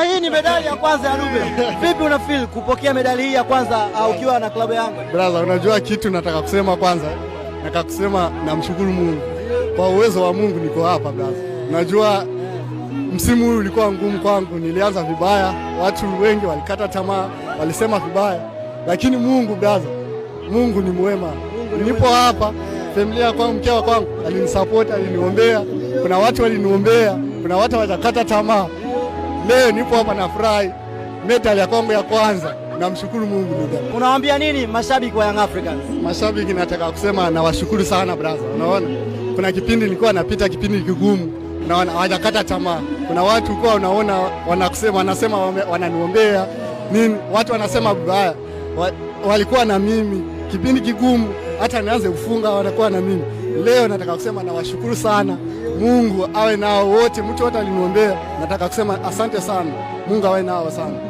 Bwana, hii ni medali ya kwanza ya Dube. Vipi una feel kupokea medali hii ya kwanza uh, ukiwa na klabu yangu? Brother, unajua kitu nataka kusema kwanza, nataka kusema namshukuru Mungu kwa uwezo wa Mungu niko hapa brother. Unajua msimu huu ulikuwa ngumu kwangu, nilianza vibaya, watu wengi walikata tamaa, walisema vibaya, lakini Mungu brother, Mungu ni mwema. Nipo hapa, familia kwangu, mkewa kwangu alinisupport, aliniombea, kuna watu waliniombea, kuna watu hawajakata tamaa leo nipo hapa na furahi medali ya kombe ya kwanza, namshukuru Mungu. Ndugu, unawaambia nini mashabiki wa Young Africans? Mashabiki nataka kusema nawashukuru sana brother. Unaona, kuna kipindi nilikuwa napita kipindi kigumu unaona, hawajakata tamaa. Kuna watu kwa unaona wanakusema wanasema wananiombea nini, watu wanasema vibaya, walikuwa na mimi kipindi kigumu, hata nianze kufunga wanakuwa na mimi. Leo nataka kusema nawashukuru sana Mungu awe nao wote. Mtu wote aliniombea, nataka kusema asante sana. Mungu awe nao sana.